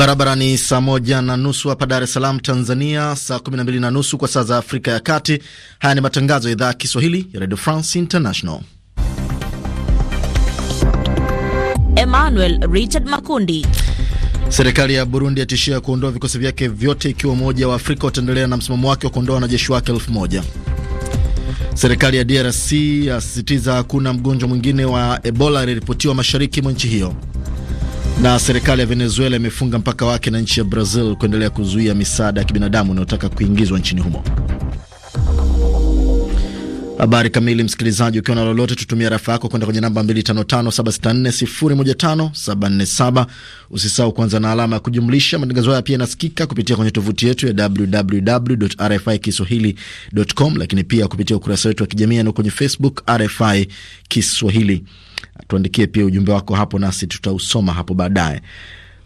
Barabara ni saa moja na nusu hapa Dar es Salaam, Tanzania, saa kumi na mbili na nusu kwa saa za Afrika ya Kati. Haya ni matangazo ya idhaa ya Kiswahili ya Radio France International. Emmanuel Richard Makundi. Serikali ya Burundi yatishia kuondoa vikosi vyake vyote ikiwa Umoja wa Afrika utaendelea na msimamo wake wa kuondoa wanajeshi wake elfu moja. Serikali ya DRC yasisitiza hakuna mgonjwa mwingine wa Ebola aliyeripotiwa mashariki mwa nchi hiyo. Na serikali ya Venezuela imefunga mpaka wake na nchi ya Brazil kuendelea kuzuia misaada ya kibinadamu inayotaka kuingizwa nchini humo. Habari kamili, msikilizaji, ukiwa na lolote, tutumia rafa yako kwenda kwenye namba 255764015747. Usisahau kuanza na alama ya kujumlisha. Matangazo haya pia yanasikika kupitia kwenye tovuti yetu ya www.rfikiswahili.com, lakini pia kupitia ukurasa wetu wa kijamii, na yaani kwenye Facebook RFI Kiswahili. Tuandikie pia ujumbe wako hapo, nasi tutausoma hapo baadaye.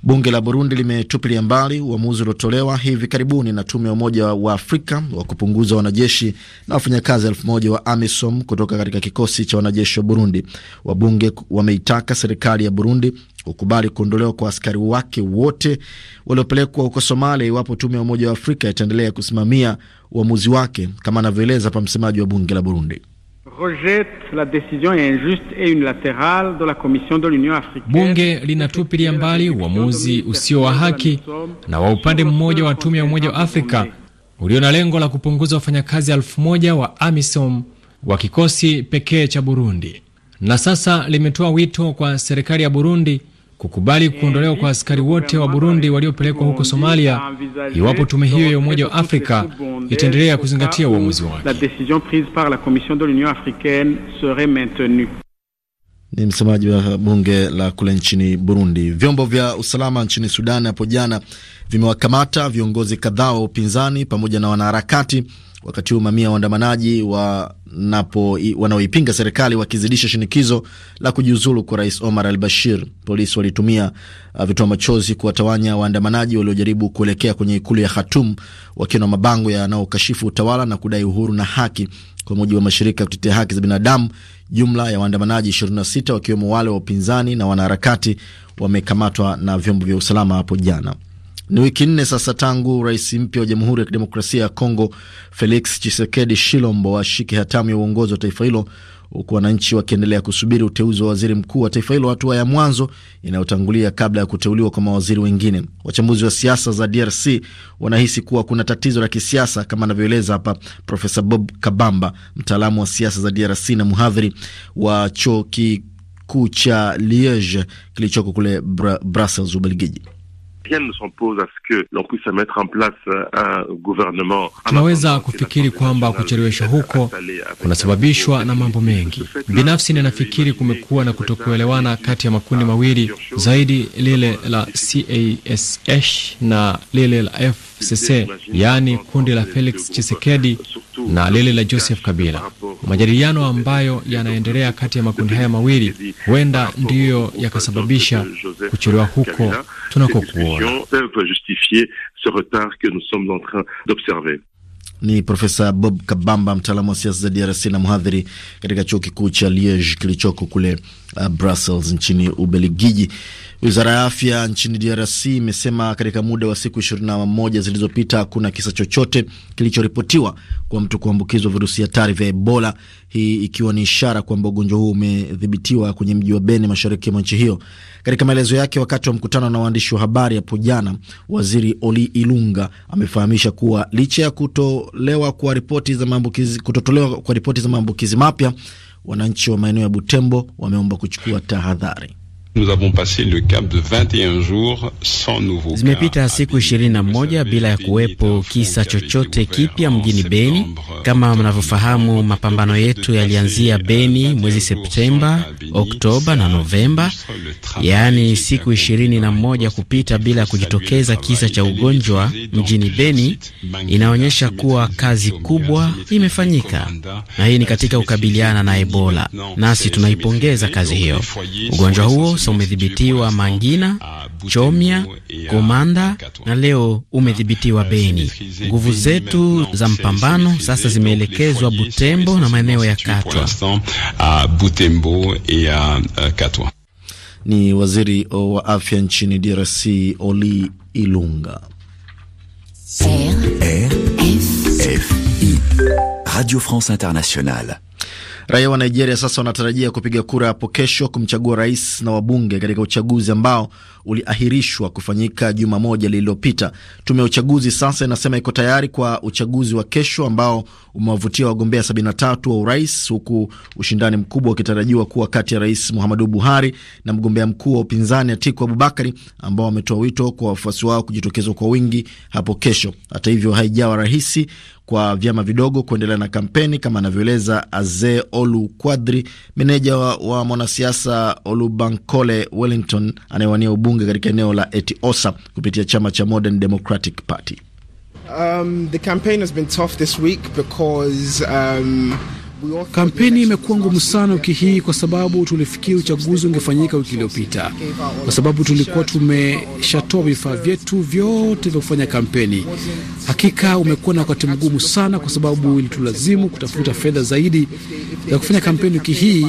Bunge la Burundi limetupilia mbali uamuzi uliotolewa hivi karibuni na tume ya Umoja wa Afrika wa kupunguza wanajeshi na wafanyakazi elfu moja wa AMISOM kutoka katika kikosi cha wanajeshi wa Burundi. Wabunge wameitaka serikali ya Burundi kukubali kuondolewa kwa askari wake wote waliopelekwa huko Somalia iwapo tume ya Umoja wa Afrika itaendelea kusimamia uamuzi wake, kama anavyoeleza pa msemaji wa bunge la Burundi. Rejette la décision injuste et unilatérale de la Commission de l'Union Africaine. Bunge linatupilia mbali uamuzi usio wa haki na wa upande mmoja wa tume ya Umoja wa Afrika ulio na lengo la kupunguza wafanyakazi elfu moja wa AMISOM wa kikosi pekee cha Burundi. Na sasa limetoa wito kwa serikali ya Burundi kukubali eh, kuondolewa kwa askari wote wa Burundi waliopelekwa huko Somalia iwapo tume hiyo ya Umoja wa Afrika itaendelea kuzingatia uamuzi wake. Ni msemaji wa bunge la kule nchini Burundi. Vyombo vya usalama nchini Sudan hapo jana vimewakamata viongozi kadhaa wa upinzani pamoja na wanaharakati wakati huu mamia waandamanaji wanapo wanaoipinga serikali wakizidisha shinikizo la kujiuzulu kwa rais Omar al Bashir. Polisi walitumia uh, vitoa machozi kuwatawanya waandamanaji waliojaribu kuelekea kwenye ikulu ya khatum wakiwa na mabango yanayokashifu utawala na kudai uhuru na haki. Kwa mujibu wa mashirika ya kutetea haki za binadamu, jumla ya waandamanaji 26 wakiwemo wale wa upinzani na wanaharakati wamekamatwa na vyombo vya usalama hapo jana. Ni wiki nne sasa tangu rais mpya wa Jamhuri ya Kidemokrasia ya Kongo Felix Tshisekedi shilombo ashike hatamu ya uongozi wa taifa hilo huku wananchi wakiendelea kusubiri uteuzi wa waziri mkuu wa taifa hilo, hatua ya mwanzo inayotangulia kabla ya kuteuliwa kwa mawaziri wengine. Wachambuzi wa siasa za DRC wanahisi kuwa kuna tatizo la kisiasa, kama anavyoeleza hapa Profesa Bob Kabamba, mtaalamu wa siasa za DRC na mhadhiri wa chuo kikuu cha Liege kilichoko kule Brussels, Ubelgiji. Rien ne s'oppose à ce que l'on puisse mettre en place euh, un gouvernement. Tunaweza kufikiri kwamba kuchelewesha huko kunasababishwa na mambo mengi. Binafsi ninafikiri kumekuwa na kutokuelewana kati ya makundi mawili zaidi, lile la CASH na lile la F FCC, yaani kundi la Felix chisekedi na lile la Joseph Kabila. Majadiliano ambayo yanaendelea kati ya makundi haya mawili huenda ndiyo yakasababisha kuchelewa huko tunakokuona. Ni Profesa Bob Kabamba, mtaalamu wa siasa za DRC na mhadhiri katika chuo kikuu cha Liege kilichoko kule uh, Brussels nchini Ubelgiji. Wizara ya afya nchini DRC imesema katika muda wa siku ishirini na moja zilizopita hakuna kisa chochote kilichoripotiwa kwa mtu kuambukizwa virusi hatari vya Ebola, hii ikiwa ni ishara kwamba ugonjwa huu umedhibitiwa kwenye mji wa Beni, mashariki mwa nchi hiyo. Katika maelezo yake wakati wa mkutano na waandishi wa habari hapo jana, waziri Oli Ilunga amefahamisha kuwa licha ya kuto kutolewa kwa ripoti za maambukizi kutotolewa kwa ripoti za maambukizi mapya, wananchi wa maeneo ya Butembo wameomba kuchukua tahadhari. Nous avons passé le cap de 21 jours sans nouveau. Zimepita siku ishirini na moja bila ya kuwepo kisa chochote kipya mjini Beni. Kama mnavyofahamu, mapambano yetu yalianzia Beni mwezi Septemba, Oktoba na Novemba, yaani siku ishirini na moja kupita bila ya kujitokeza kisa cha ugonjwa mjini Beni, inaonyesha kuwa kazi kubwa imefanyika, na hii ni katika kukabiliana na Ebola, nasi tunaipongeza kazi hiyo. Ugonjwa huo Musa umedhibitiwa Mangina, Chomya, Komanda na leo umedhibitiwa Beni. Nguvu zetu za mpambano sasa zimeelekezwa Butembo na maeneo ya Katwa. Ni waziri wa afya nchini DRC Oli Ilunga. Radio France Internationale. Raia wa Nigeria sasa wanatarajia kupiga kura hapo kesho kumchagua rais na wabunge katika uchaguzi ambao uliahirishwa kufanyika juma moja lililopita. Tume ya uchaguzi sasa inasema iko tayari kwa uchaguzi wa kesho ambao umewavutia wagombea 73 wa urais, huku ushindani mkubwa ukitarajiwa kuwa kati ya Rais Muhammadu Buhari na mgombea mkuu wa upinzani Atiku Abubakari, ambao wametoa wito kwa wafuasi wao kujitokeza kwa wingi hapo kesho. Hata hivyo, haijawa rahisi kwa vyama vidogo kuendelea na kampeni, kama anavyoeleza aze Olu Kwadri, meneja wa, wa mwanasiasa Olubankole Wellington anayewania ubunge katika eneo la Etiosa kupitia chama cha Modern Democratic Party. Um, the campaign has been tough this week because, um... Kampeni imekuwa ngumu sana wiki hii kwa sababu tulifikia uchaguzi ungefanyika wiki iliyopita, kwa sababu tulikuwa tumeshatoa vifaa vyetu vyote vya kufanya kampeni. Hakika umekuwa na wakati mgumu sana, kwa sababu ilitulazimu kutafuta fedha zaidi za kufanya kampeni wiki hii.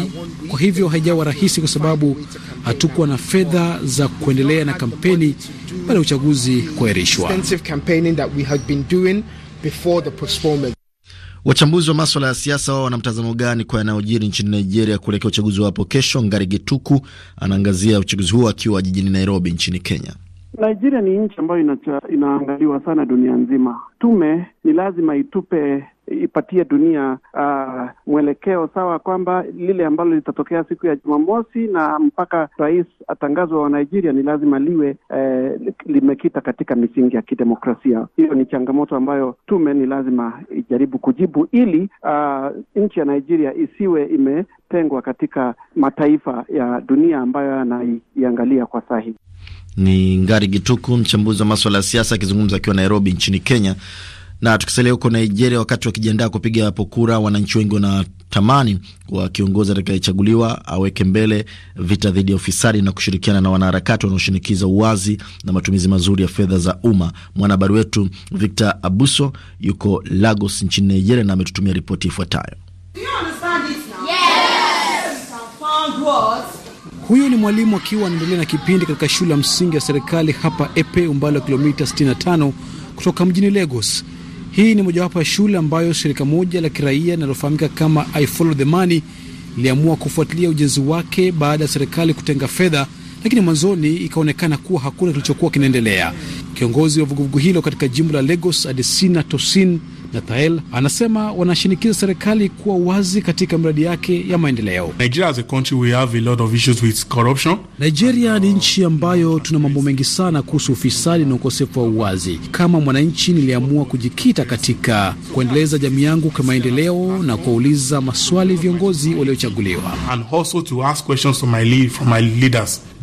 Kwa hivyo haijawa rahisi, kwa sababu hatukuwa na fedha za kuendelea na kampeni baada ya uchaguzi kuahirishwa. Wachambuzi wa maswala ya siasa wao wana mtazamo gani kwa yanayojiri nchini Nigeria kuelekea uchaguzi wa hapo kesho? Ngari Getuku anaangazia uchaguzi huo akiwa jijini Nairobi nchini Kenya. Nigeria ni nchi ambayo inaangaliwa sana dunia nzima. Tume ni lazima itupe ipatie dunia uh, mwelekeo sawa, kwamba lile ambalo litatokea siku ya Jumamosi na mpaka rais atangazwa wa Nigeria ni lazima liwe eh, limekita katika misingi ya kidemokrasia. Hiyo ni changamoto ambayo tume ni lazima ijaribu kujibu ili uh, nchi ya Nigeria isiwe imetengwa katika mataifa ya dunia ambayo yanaiangalia kwa sahihi. Ni Ngari Gituku, mchambuzi wa maswala ya siasa, akizungumza akiwa Nairobi nchini Kenya. Na tukisalia huko Nigeria, wakati wakijiandaa kupiga hapo kura, wananchi wengi wanatamani kwa kiongozi atakayechaguliwa aweke mbele vita dhidi ya ufisadi na kushirikiana na wanaharakati wanaoshinikiza uwazi na matumizi mazuri ya fedha za umma. Mwanahabari wetu Victor Abuso yuko Lagos nchini Nigeria na ametutumia ripoti ifuatayo. Huyu ni mwalimu akiwa anaendelea na kipindi katika shule ya msingi ya serikali hapa Epe, umbali wa kilomita 65 kutoka mjini Lagos. Hii ni mojawapo ya shule ambayo shirika moja la kiraia linalofahamika kama I Follow the Money liliamua kufuatilia ujenzi wake baada ya serikali kutenga fedha, lakini mwanzoni ikaonekana kuwa hakuna kilichokuwa kinaendelea. Kiongozi wa vuguvugu hilo katika jimbo la Lagos, Adesina Tosin Nathael anasema wanashinikiza serikali kuwa wazi katika miradi yake ya maendeleo. Nigeria ni nchi ambayo tuna mambo mengi sana kuhusu ufisadi na ukosefu wa uwazi. Kama mwananchi, niliamua kujikita katika kuendeleza jamii yangu kwa maendeleo na kuwauliza maswali viongozi waliochaguliwa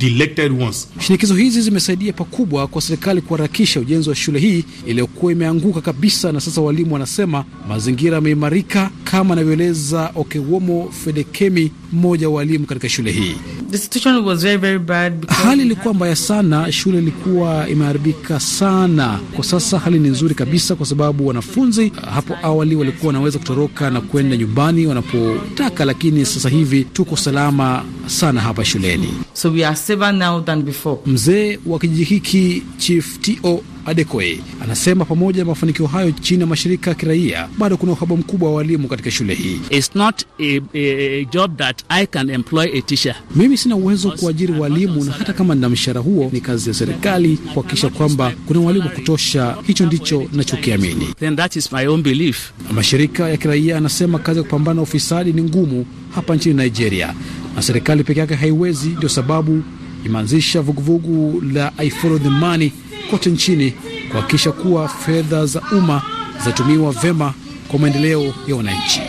delected ones. Shinikizo hizi zimesaidia pakubwa kwa serikali kuharakisha ujenzi wa shule hii iliyokuwa imeanguka kabisa, na sasa walimu wanasema mazingira yameimarika, kama anavyoeleza Okewomo Fedekemi, mmoja wa walimu katika shule hii. The situation was very, very bad because hali ilikuwa mbaya sana, shule ilikuwa imeharibika sana. Kwa sasa hali ni nzuri kabisa, kwa sababu wanafunzi uh, hapo awali walikuwa wanaweza kutoroka na kwenda nyumbani wanapotaka, lakini sasa hivi tuko salama sana hapa shuleni. So we are safer now than before. Mzee wa kijiji hiki Chief T.O adekoe anasema pamoja na mafanikio hayo chini ya mashirika ya kiraia, bado kuna uhaba mkubwa wa walimu katika shule hii. It's not a, a job that I can employ a teacher. Mimi sina uwezo wa kuajiri walimu na hata kama nina mshahara huo, ni kazi ya serikali kuhakikisha kwamba kuna walimu kutosha. Hicho ndicho nachokiamini. Then that is my own belief. Mashirika ya kiraia anasema kazi ya kupambana na ufisadi ni ngumu hapa nchini Nigeria na serikali peke yake haiwezi. Ndio sababu imeanzisha vuguvugu la I Follow the Money kote nchini kuhakikisha kuwa fedha za umma zinatumiwa vema kwa maendeleo ya wananchi.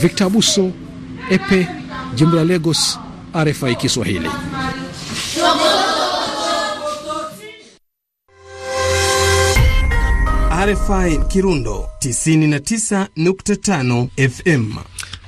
Victor Abuso, Epe, jimbo la Lagos, RFI Kiswahili. RFI Kirundo 99.5 FM.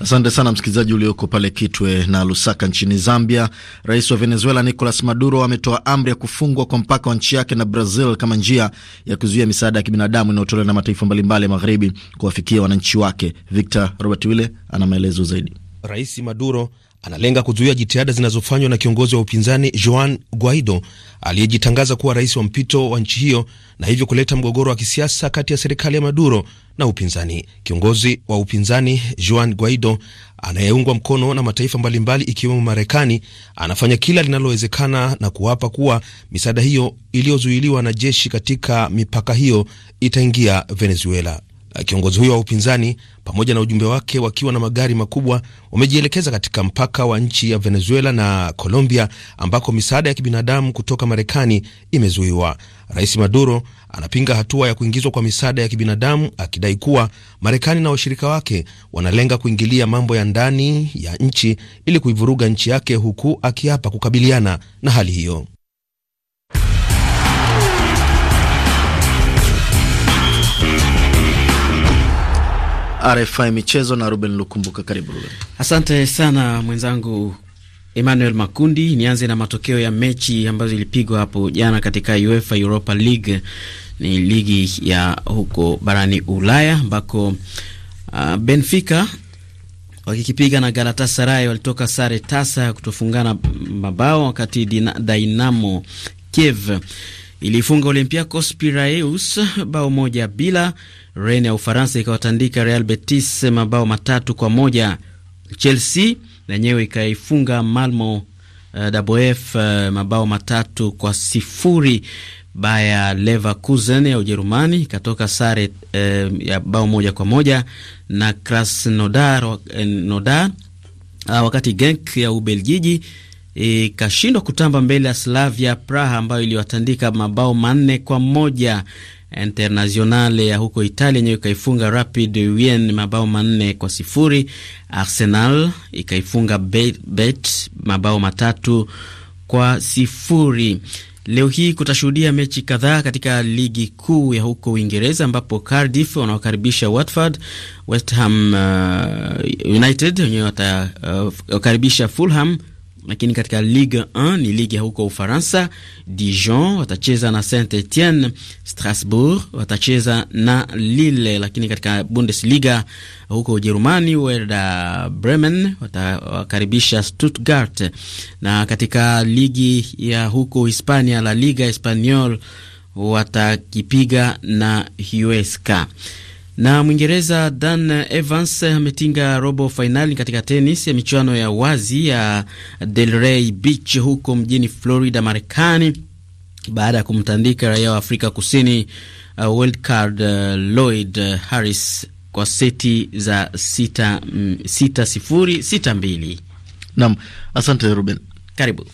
Asante sana msikilizaji ulioko pale Kitwe na Lusaka nchini Zambia. Rais wa Venezuela Nicolas Maduro ametoa amri ya kufungwa kwa mpaka wa nchi yake na Brazil kama njia ya kuzuia misaada ya kibinadamu inayotolewa na mataifa mbalimbali ya magharibi kuwafikia wananchi wake. Victor Robert Wille ana maelezo zaidi. Rais Maduro analenga kuzuia jitihada zinazofanywa na kiongozi wa upinzani Juan Guaido aliyejitangaza kuwa rais wa mpito wa nchi hiyo na hivyo kuleta mgogoro wa kisiasa kati ya serikali ya Maduro na upinzani. Kiongozi wa upinzani Juan Guaido anayeungwa mkono na mataifa mbalimbali ikiwemo Marekani anafanya kila linalowezekana na kuapa kuwa misaada hiyo iliyozuiliwa na jeshi katika mipaka hiyo itaingia Venezuela. Kiongozi huyo wa upinzani pamoja na ujumbe wake wakiwa na magari makubwa wamejielekeza katika mpaka wa nchi ya Venezuela na Colombia ambako misaada ya kibinadamu kutoka Marekani imezuiwa. Rais Maduro anapinga hatua ya kuingizwa kwa misaada ya kibinadamu akidai kuwa Marekani na washirika wake wanalenga kuingilia mambo ya ndani ya nchi ili kuivuruga nchi yake, huku akiapa kukabiliana na hali hiyo. RFI Michezo na Ruben Lukumbuka. Karibu Ruben. Asante sana mwenzangu Emmanuel Makundi. Nianze na matokeo ya mechi ambazo ilipigwa hapo jana katika UEFA Europa League, ni ligi ya huko barani Ulaya ambako uh, Benfica wakikipiga na Galatasaray walitoka sare tasa kutofungana mabao, wakati Dinamo Kiev ilifunga Olympiacos Piraeus bao moja bila. Rennes ya Ufaransa ikawatandika Real Betis mabao matatu kwa moja. Chelsea nanyewe ikaifunga Malmo WF eh, uh, eh, mabao matatu kwa sifuri. Baya Leverkusen ya Ujerumani ikatoka sare eh, ya bao moja kwa moja na Krasnodar eh, Nodar, ah, wakati Genk ya Ubelgiji ikashindwa e, kutamba mbele ya Slavia Praha ambayo iliwatandika mabao manne kwa moja. Internazionale ya huko Italia yenyewe ikaifunga Rapid Wien mabao manne kwa sifuri. Arsenal ikaifunga bet, mabao matatu kwa sifuri. Leo hii kutashuhudia mechi kadhaa katika ligi kuu ya huko Uingereza ambapo Cardiff wanaokaribisha Watford, West Ham uh, United wenyewe watakaribisha uh, Fulham lakini katika Ligue 1 ni ligi ya huko Ufaransa, Dijon watacheza na Saint Etienne, Strasbourg watacheza na Lille. Lakini katika Bundesliga huko Ujerumani, Werder Bremen watakaribisha Stuttgart, na katika ligi ya huko Hispania, La Liga Espanyol watakipiga na Huesca. Na Mwingereza Dan Evans ametinga robo fainali katika tenis ya michuano ya wazi ya Delray Beach huko mjini Florida, Marekani, baada ya kumtandika raia wa Afrika Kusini uh, wildcard uh, Lloyd Harris kwa seti za sita, mm, sita sifuri sita mbili. Nam, asante Ruben, karibu.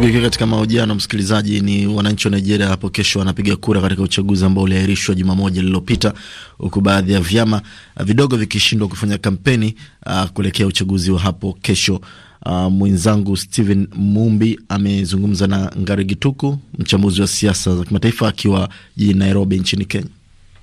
Tukiwa katika mahojiano, msikilizaji, ni wananchi wa Nigeria hapo kesho wanapiga kura katika uchaguzi ambao uliahirishwa Jumamoja lililopita, huku baadhi ya vyama vidogo vikishindwa kufanya kampeni uh, kuelekea uchaguzi wa hapo kesho. Uh, mwenzangu Steven Mumbi amezungumza na Ngari Gituku, mchambuzi wa siasa za kimataifa akiwa jijini Nairobi nchini Kenya.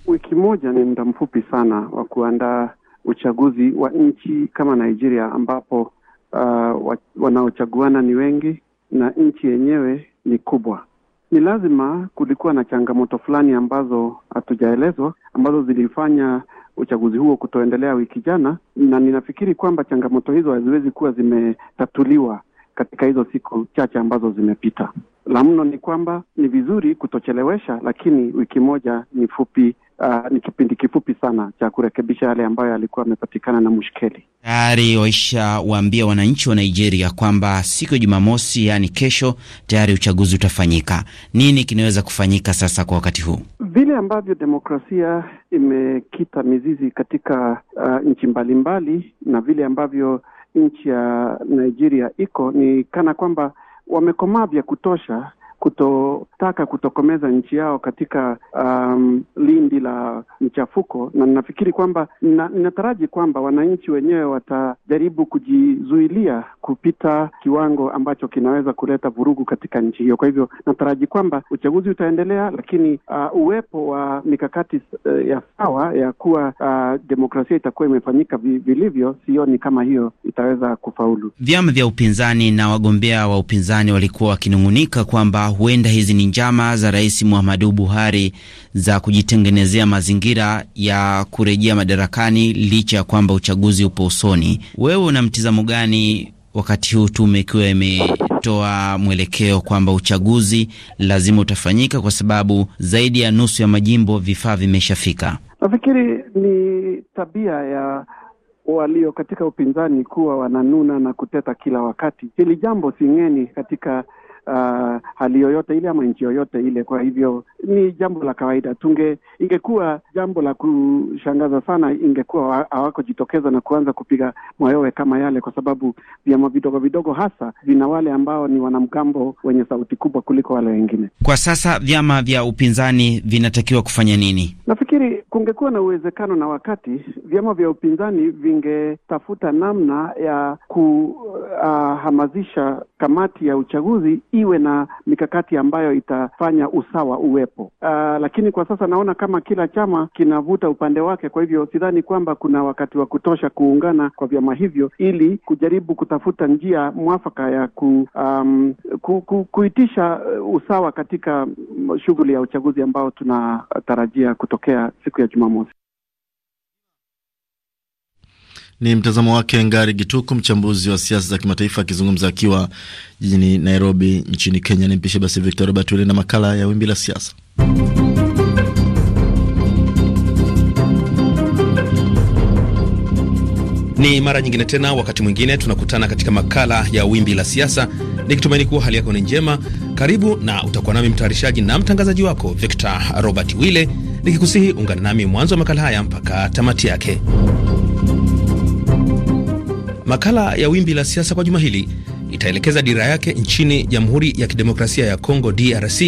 Wiki moja ni muda mfupi sana wa kuandaa uchaguzi wa nchi kama Nigeria ambapo uh, wanaochaguana ni wengi na nchi yenyewe ni kubwa. Ni lazima kulikuwa na changamoto fulani ambazo hatujaelezwa ambazo zilifanya uchaguzi huo kutoendelea wiki jana, na ninafikiri kwamba changamoto hizo haziwezi kuwa zimetatuliwa katika hizo siku chache ambazo zimepita. La mno ni kwamba ni vizuri kutochelewesha, lakini wiki moja ni fupi uh, ni kipindi kifupi sana cha kurekebisha yale ambayo yalikuwa yamepatikana na mushkeli. Tayari waisha waambia wananchi wa Nigeria kwamba siku ya Jumamosi, yaani kesho, tayari uchaguzi utafanyika. Nini kinaweza kufanyika sasa kwa wakati huu? Vile ambavyo demokrasia imekita mizizi katika uh, nchi mbalimbali na vile ambavyo nchi ya Nigeria iko ni kana kwamba wamekomaa vya kutosha kuto taka kutokomeza nchi yao katika um, lindi la mchafuko, na ninafikiri kwamba ninataraji kwamba wananchi wenyewe watajaribu kujizuilia kupita kiwango ambacho kinaweza kuleta vurugu katika nchi hiyo. Kwa hivyo nataraji kwamba uchaguzi utaendelea, lakini uh, uwepo wa mikakati uh, ya sawa ya kuwa uh, demokrasia itakuwa imefanyika vilivyo, sioni kama hiyo itaweza kufaulu. Vyama vya upinzani na wagombea wa upinzani walikuwa wakinung'unika kwamba huenda hizi ni njama za Rais Muhammadu Buhari za kujitengenezea mazingira ya kurejea madarakani licha ya kwamba uchaguzi upo usoni. Wewe una mtizamo gani wakati huu tume ikiwa imetoa mwelekeo kwamba uchaguzi lazima utafanyika kwa sababu zaidi ya nusu ya majimbo vifaa vimeshafika? Nafikiri ni tabia ya walio katika upinzani kuwa wananuna na kuteta kila wakati. Hili jambo singeni katika uh, hali yoyote ile ama nchi yoyote ile. Kwa hivyo ni jambo la kawaida. Tunge ingekuwa jambo la kushangaza sana ingekuwa hawakojitokeza na kuanza kupiga mayowe kama yale, kwa sababu vyama vidogo vidogo hasa vina wale ambao ni wanamgambo wenye sauti kubwa kuliko wale wengine. Kwa sasa vyama vya upinzani vinatakiwa kufanya nini? Nafikiri kungekuwa na uwezekano na wakati vyama vya upinzani vingetafuta namna ya kuhamazisha uh, kamati ya uchaguzi iwe na mikakati ambayo itafanya usawa uwepo. Uh, lakini kwa sasa naona kama kila chama kinavuta upande wake, kwa hivyo sidhani kwamba kuna wakati wa kutosha kuungana kwa vyama hivyo ili kujaribu kutafuta njia mwafaka ya ku, um, ku, ku, kuitisha usawa katika shughuli ya uchaguzi ambao tunatarajia kutokea siku ya Jumamosi. Ni mtazamo wake Ngari Gituku, mchambuzi wa siasa za kimataifa, akizungumza akiwa jijini Nairobi nchini Kenya. Nimpishe basi Victor Robert Wile na makala ya Wimbi la Siasa. Ni mara nyingine tena, wakati mwingine tunakutana katika makala ya Wimbi la Siasa, nikitumaini kuwa hali yako ni njema. Karibu na utakuwa nami mtayarishaji na mtangazaji wako Victor Robert Wile, nikikusihi ungana nami mwanzo wa makala haya mpaka tamati yake. Makala ya Wimbi la Siasa kwa juma hili itaelekeza dira yake nchini Jamhuri ya Kidemokrasia ya Kongo, DRC,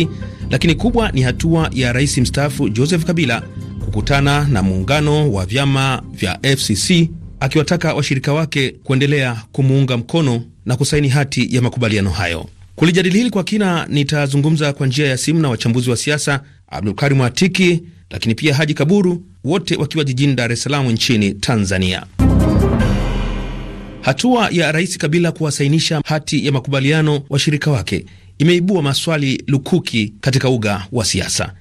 lakini kubwa ni hatua ya rais mstaafu Joseph Kabila kukutana na muungano wa vyama vya FCC akiwataka washirika wake kuendelea kumuunga mkono na kusaini hati ya makubaliano hayo. Kulijadili hili kwa kina, nitazungumza kwa njia ya simu na wachambuzi wa siasa Abdulkarim Atiki, lakini pia Haji Kaburu, wote wakiwa jijini Dar es Salaam nchini Tanzania. Hatua ya Rais Kabila kuwasainisha hati ya makubaliano washirika wake imeibua maswali lukuki katika uga wa siasa.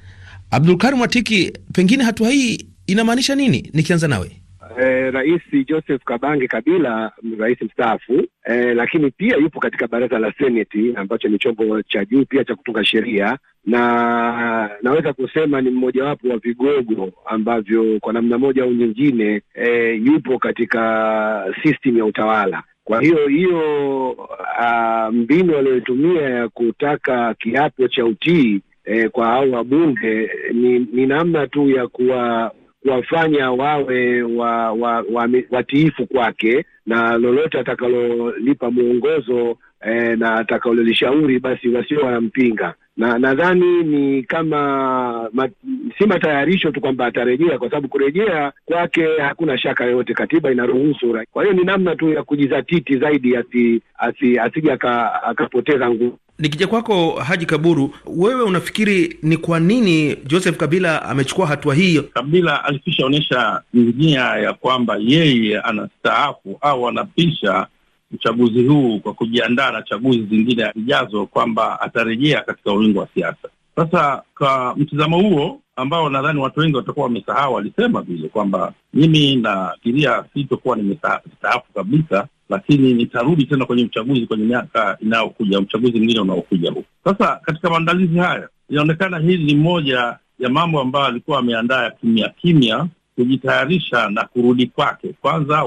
Abdulkarim Watiki, pengine hatua hii inamaanisha nini? Nikianza nawe eh, Rais Joseph Kabange Kabila, rais mstaafu eh, lakini pia yupo katika baraza la Seneti ambacho ni chombo cha juu pia cha kutunga sheria, na naweza kusema ni mmojawapo wa vigogo ambavyo kwa namna moja au nyingine eh, yupo katika system ya utawala. Kwa hiyo hiyo uh, mbinu aliyotumia ya kutaka kiapo cha utii eh, kwa hao wabunge ni, ni namna tu ya kuwa kuwafanya wawe wa, wa, wa, watiifu kwake na lolote atakalolipa mwongozo eh, na atakalolishauri basi wasio wanampinga na nadhani ni kama ma, si matayarisho tu kwamba atarejea, kwa sababu kurejea kwake hakuna shaka yoyote, katiba inaruhusu. Kwa hiyo ni namna tu ya kujizatiti zaidi, asije akapoteza nguvu. Nikija kwako Haji Kaburu, wewe unafikiri ni kwa nini Joseph Kabila amechukua hatua hiyo? Kabila alikishaonyesha nia ya kwamba yeye anastaafu au anapisha uchaguzi huu kwa kujiandaa na chaguzi zingine zijazo, kwamba atarejea katika ulingo wa siasa. Sasa kwa mtizamo huo ambao nadhani watu wengi watakuwa wamesahau, alisema vile kwamba mimi nafikiria sitokuwa nimestaafu kabisa, lakini nitarudi tena kwenye uchaguzi kwenye miaka inayokuja, uchaguzi mwingine unaokuja huku. Sasa katika maandalizi haya, inaonekana hili ni moja ya mambo ambayo alikuwa ameandaa ya kimya kimya kujitayarisha na kurudi kwake. Kwanza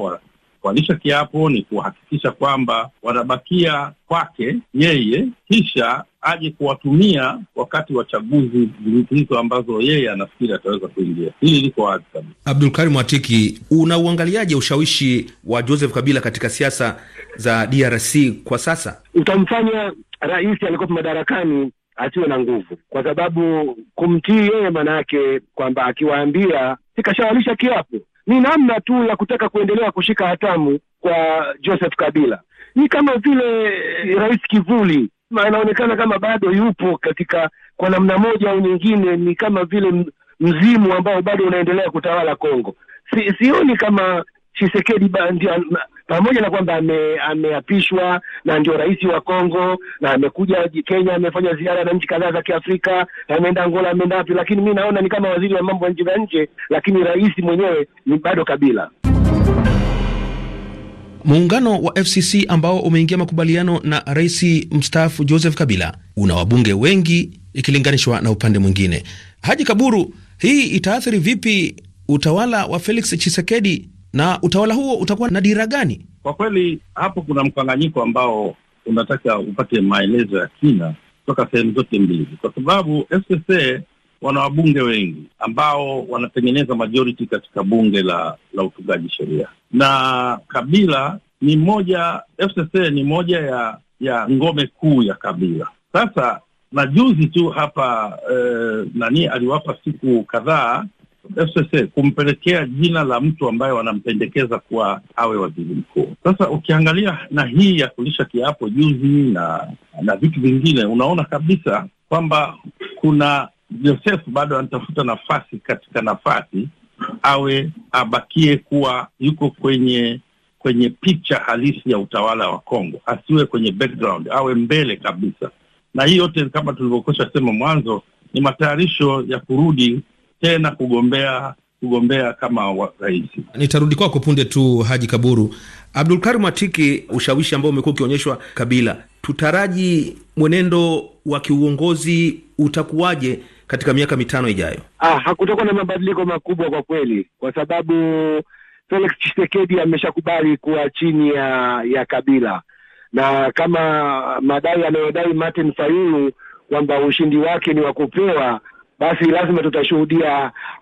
Kualisha kiapo ni kuhakikisha kwamba wanabakia kwake yeye, kisha aje kuwatumia wakati wa chaguzi hizo ambazo yeye anafikiri ataweza kuingia. Hili liko wazi kabisa. Abdulkarim Atiki, unauangaliaje ushawishi wa Joseph Kabila katika siasa za DRC kwa sasa? Utamfanya rais alikuwa madarakani asiwe na nguvu, kwa sababu kumtii yeye, maana yake kwamba akiwaambia sikashawalisha kiapo ni namna tu ya kutaka kuendelea kushika hatamu kwa Joseph Kabila. Ni kama vile eh, rais kivuli anaonekana kama bado yupo katika, kwa namna moja au nyingine, ni kama vile mzimu ambao bado unaendelea kutawala Kongo. Si, sioni kama Tshisekedi pamoja na kwamba ame, ameapishwa na ndio rais wa Kongo na amekuja Kenya, amefanya ziara na nchi kadhaa za Kiafrika, ameenda Angola, ameenda wapi, lakini mi naona ni kama waziri wa mambo ya nchi za nje, lakini rais mwenyewe ni bado Kabila. Muungano wa FCC ambao umeingia makubaliano na rais mstaafu Joseph Kabila una wabunge wengi ikilinganishwa na upande mwingine. Haji Kaburu, hii itaathiri vipi utawala wa Felix chisekedi na utawala huo utakuwa na dira gani? Kwa kweli hapo kuna mkanganyiko ambao unataka upate maelezo ya kina kutoka sehemu zote mbili, kwa sababu FCC wana wabunge wengi ambao wanatengeneza majority katika bunge la la utungaji sheria, na Kabila ni moja, FCC ni moja ya ya ngome kuu ya Kabila. Sasa na juzi tu hapa e, nani aliwapa siku kadhaa FCC kumpelekea jina la mtu ambaye wanampendekeza kuwa awe waziri mkuu. Sasa ukiangalia na hii ya kulisha kiapo juzi na na vitu vingine, unaona kabisa kwamba kuna Joseph bado anatafuta nafasi katika nafasi awe abakie kuwa yuko kwenye kwenye picha halisi ya utawala wa Kongo, asiwe kwenye background, awe mbele kabisa. Na hii yote kama tulivyokosha sema mwanzo, ni matayarisho ya kurudi tena kugombea kugombea kama rais. Nitarudi kwako punde tu, Haji Kaburu. Karim Atiki, ushawishi ambao umekuwa ukionyeshwa Kabila, tutaraji mwenendo wa kiuongozi utakuwaje katika miaka mitano ijayo? Ah, hakutakuwa na mabadiliko makubwa kwa kweli, kwa sababu Felix Tshisekedi ameshakubali kuwa chini ya ya Kabila, na kama madai anayodai Martin Fayulu kwamba ushindi wake ni wa kupewa basi lazima tutashuhudia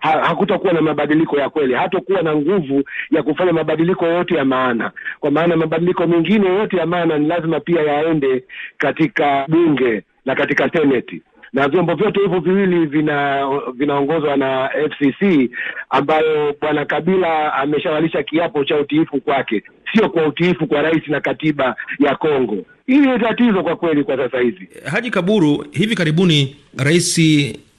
ha, hakutakuwa na mabadiliko ya kweli, hatokuwa na nguvu ya kufanya mabadiliko yote ya maana, kwa maana mabadiliko mengine yote ya maana ni lazima pia yaende katika bunge na katika seneti na vyombo vyote hivyo viwili vina vinaongozwa na FCC ambayo bwana Kabila ameshawalisha kiapo cha utiifu kwake, sio kwa utiifu kwa rais na katiba ya Kongo. Hili ni tatizo kwa kweli kwa sasa hizi Haji Kaburu, hivi karibuni rais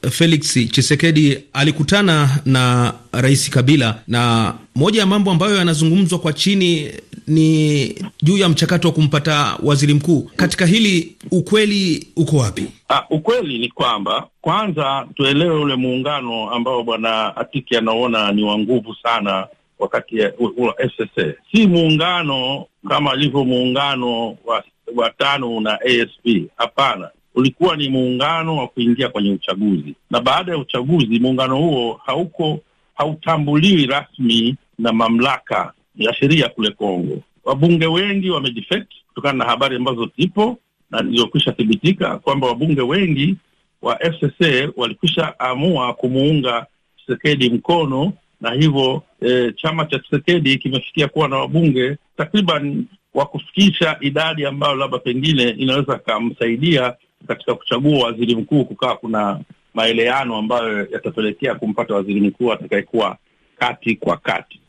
Felix Chisekedi alikutana na Rais Kabila na moja ya mambo ambayo yanazungumzwa kwa chini ni juu ya mchakato wa kumpata waziri mkuu. Katika hili ukweli uko wapi? Ah, ukweli ni kwamba kwanza tuelewe ule muungano ambao bwana Atiki anaona ni wa nguvu sana wakati wa FCC, si muungano kama alivyo muungano wa watano na ASP. Hapana, ulikuwa ni muungano wa kuingia kwenye uchaguzi, na baada ya uchaguzi muungano huo hauko hautambuliwi rasmi na mamlaka ya sheria kule Kongo. Wabunge wengi wamedefect kutokana na habari ambazo zipo na zilizokwisha thibitika kwamba wabunge wengi wa FCC walikwisha amua kumuunga Chisekedi mkono na hivyo e, chama cha Chisekedi kimefikia kuwa na wabunge takriban wa kufikisha idadi ambayo labda pengine inaweza kamsaidia katika kuchagua waziri mkuu kukawa kuna maeleano ambayo yatapelekea kumpata waziri mkuu atakayekuwa kati kwa kati.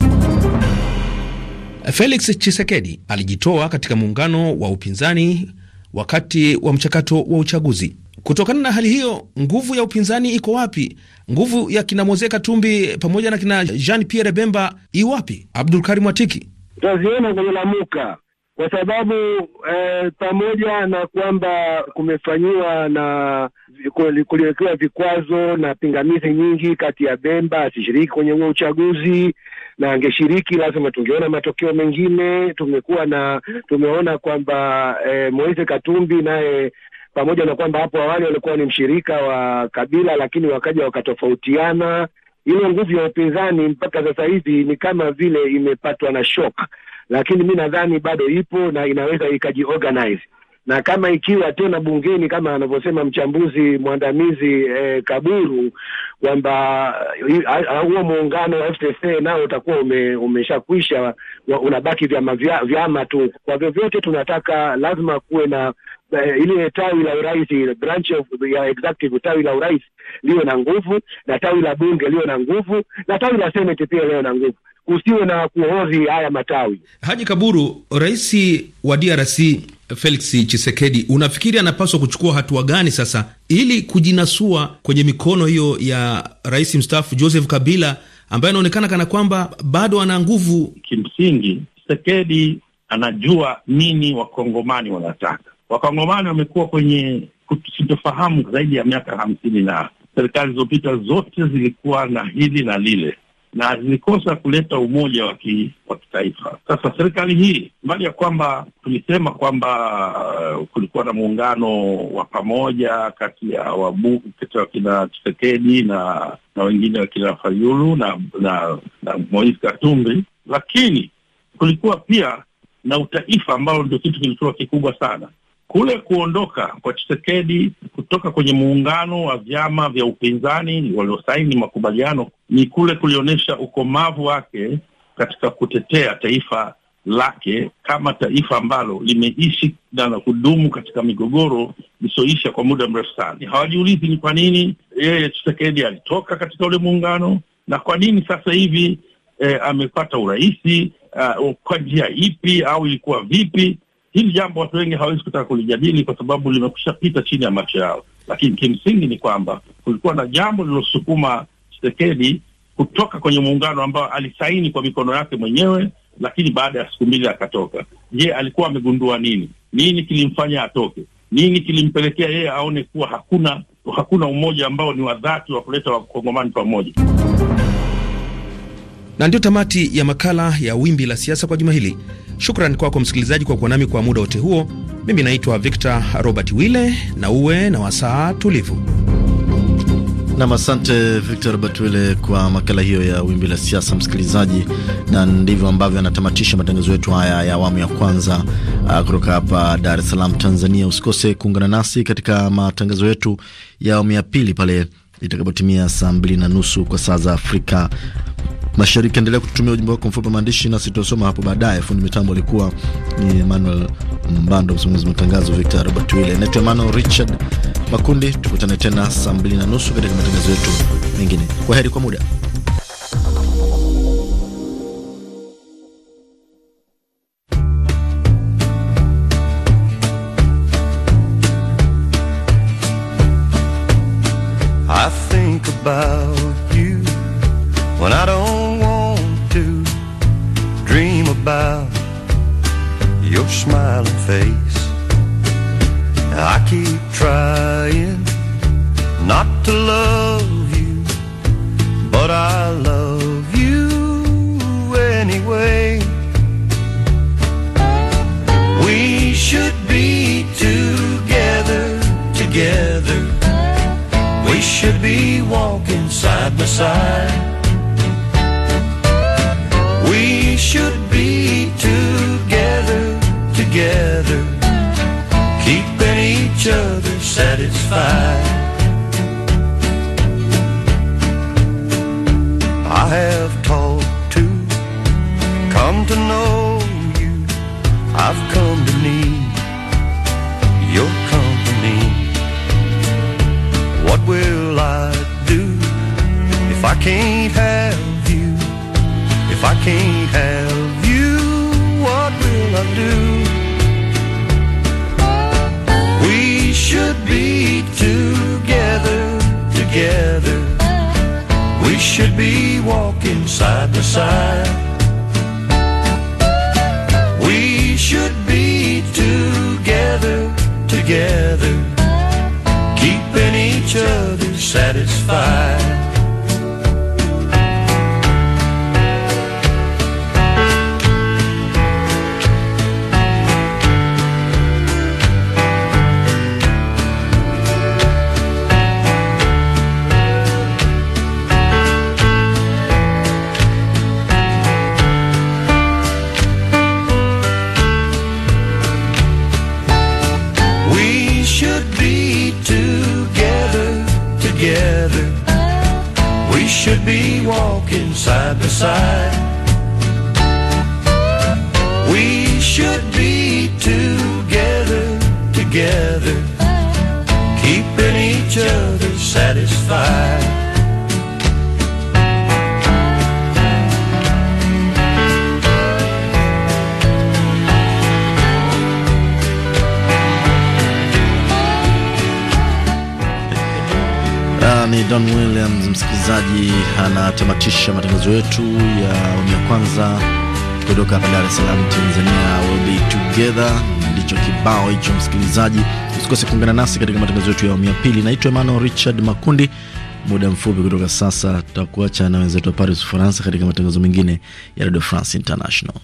Felix Chisekedi alijitoa katika muungano wa upinzani wakati wa mchakato wa uchaguzi. Kutokana na hali hiyo, nguvu ya upinzani iko wapi? Nguvu ya kina Moze Katumbi pamoja na kina Jean Pierre Bemba i wapi? Abdul Karim Watiki, tutaziona kwenye Lamuka kwa sababu eh, pamoja na kwamba kumefanyiwa na kuliwekewa vikwazo na pingamizi nyingi kati ya Bemba asishiriki kwenye huo uchaguzi, na angeshiriki lazima tungeona matokeo mengine. Tumekuwa na tumeona kwamba eh, Moise Katumbi naye pamoja na kwamba hapo awali walikuwa ni mshirika wa Kabila, lakini wakaja wakatofautiana. Ile nguvu ya upinzani mpaka sasa hivi ni kama vile imepatwa na shock lakini mi nadhani bado ipo na inaweza ikajiorganize na kama ikiwa tena bungeni kama anavyosema mchambuzi mwandamizi eh, Kaburu kwamba eh, huo muungano wa FTC nao utakuwa ume, umeshakwisha, unabaki vyama vyama tu. Kwa vyovyote tunataka lazima kuwe na eh, ile tawi la urais branch of ya executive, tawi la urais liwe na nguvu na tawi la bunge liwe na nguvu na tawi la senate pia liwe na nguvu kusiwe na kuhozi haya matawi. Haji Kaburu, rais wa DRC Felix Chisekedi, unafikiri anapaswa kuchukua hatua gani sasa ili kujinasua kwenye mikono hiyo ya rais mstaafu Joseph Kabila ambaye anaonekana kana kwamba bado ana nguvu? Kimsingi Chisekedi anajua nini wakongomani wanataka. Wakongomani wamekuwa kwenye kutofahamu zaidi ya miaka hamsini na serikali zilizopita zote zilikuwa na hili na lile na zilikosa kuleta umoja wa kitaifa. Sasa serikali hii, mbali ya kwamba tulisema kwamba uh, kulikuwa na muungano wa pamoja kati ya wabu kati ya wakina Chisekedi na na wengine wakina Fayulu na na, na Moise Katumbi, lakini kulikuwa pia na utaifa ambao ndio kitu kilikuwa kikubwa sana. Kule kuondoka kwa Chisekedi kutoka kwenye muungano wa vyama vya upinzani waliosaini makubaliano ni kule kulionyesha ukomavu wake katika kutetea taifa lake kama taifa ambalo limeishi na kudumu katika migogoro lisoisha kwa muda mrefu sana. Hawajiulizi ni kwa nini yeye Chisekedi alitoka katika ule muungano na kwa nini sasa hivi eh, amepata urahisi uh, ah, kwa njia ipi au ilikuwa vipi? hili jambo watu wengi hawawezi kutaka kulijadili kwa sababu limekusha pita chini ya macho yao, lakini kimsingi ni kwamba kulikuwa na jambo lililosukuma Chisekedi kutoka kwenye muungano ambao alisaini kwa mikono yake mwenyewe, lakini baada ya siku mbili akatoka. Je, alikuwa amegundua nini? Nini kilimfanya atoke? Nini kilimpelekea yeye aone kuwa hakuna hakuna umoja ambao ni wa dhati wa kuleta wakongomani pamoja? Na ndio tamati ya makala ya Wimbi la Siasa kwa juma hili. Shukran kwako msikilizaji kwa kuwa nami kwa muda wote huo. Mimi naitwa Victor Robert Wille, na uwe na wasaa tulivu nam. Asante Victor Robert Wille kwa makala hiyo ya wimbi la siasa, msikilizaji, na ndivyo ambavyo anatamatisha matangazo yetu haya ya awamu ya kwanza ah, kutoka hapa Dar es Salaam, Tanzania. Usikose kuungana nasi katika matangazo yetu ya awamu ya pili pale itakapotimia saa mbili na nusu kwa saa za Afrika Mashariki, endelea kututumia ujumbe wako mfupi maandishi na sitosoma hapo baadaye. Fundi mitambo alikuwa ni Emmanuel Mbando, msimamizi matangazo Victor Robert Wile. Naitwa Emmanuel Richard Makundi, tukutane tena saa mbili na nusu katika matangazo yetu mengine. Kwa heri kwa muda. I think about pay can't have you, if I can't have you, what will I do? We should be together, together. We should be walking side by side. We should be together, together, keeping each other satisfied. should be walking side by side. We should be together, together, keeping each other satisfied. Don Williams, msikilizaji, anatamatisha matangazo yetu ya awamu ya kwanza kutoka hapa Dar es Salaam, Tanzania. We'll be together ndicho kibao hicho, msikilizaji, usikose kuungana nasi katika matangazo yetu ya awamu ya pili. Naitwa Emmanuel Richard Makundi. Muda mfupi kutoka sasa tutakuacha na wenzetu wa Paris, Ufaransa, katika matangazo mengine ya Radio France International.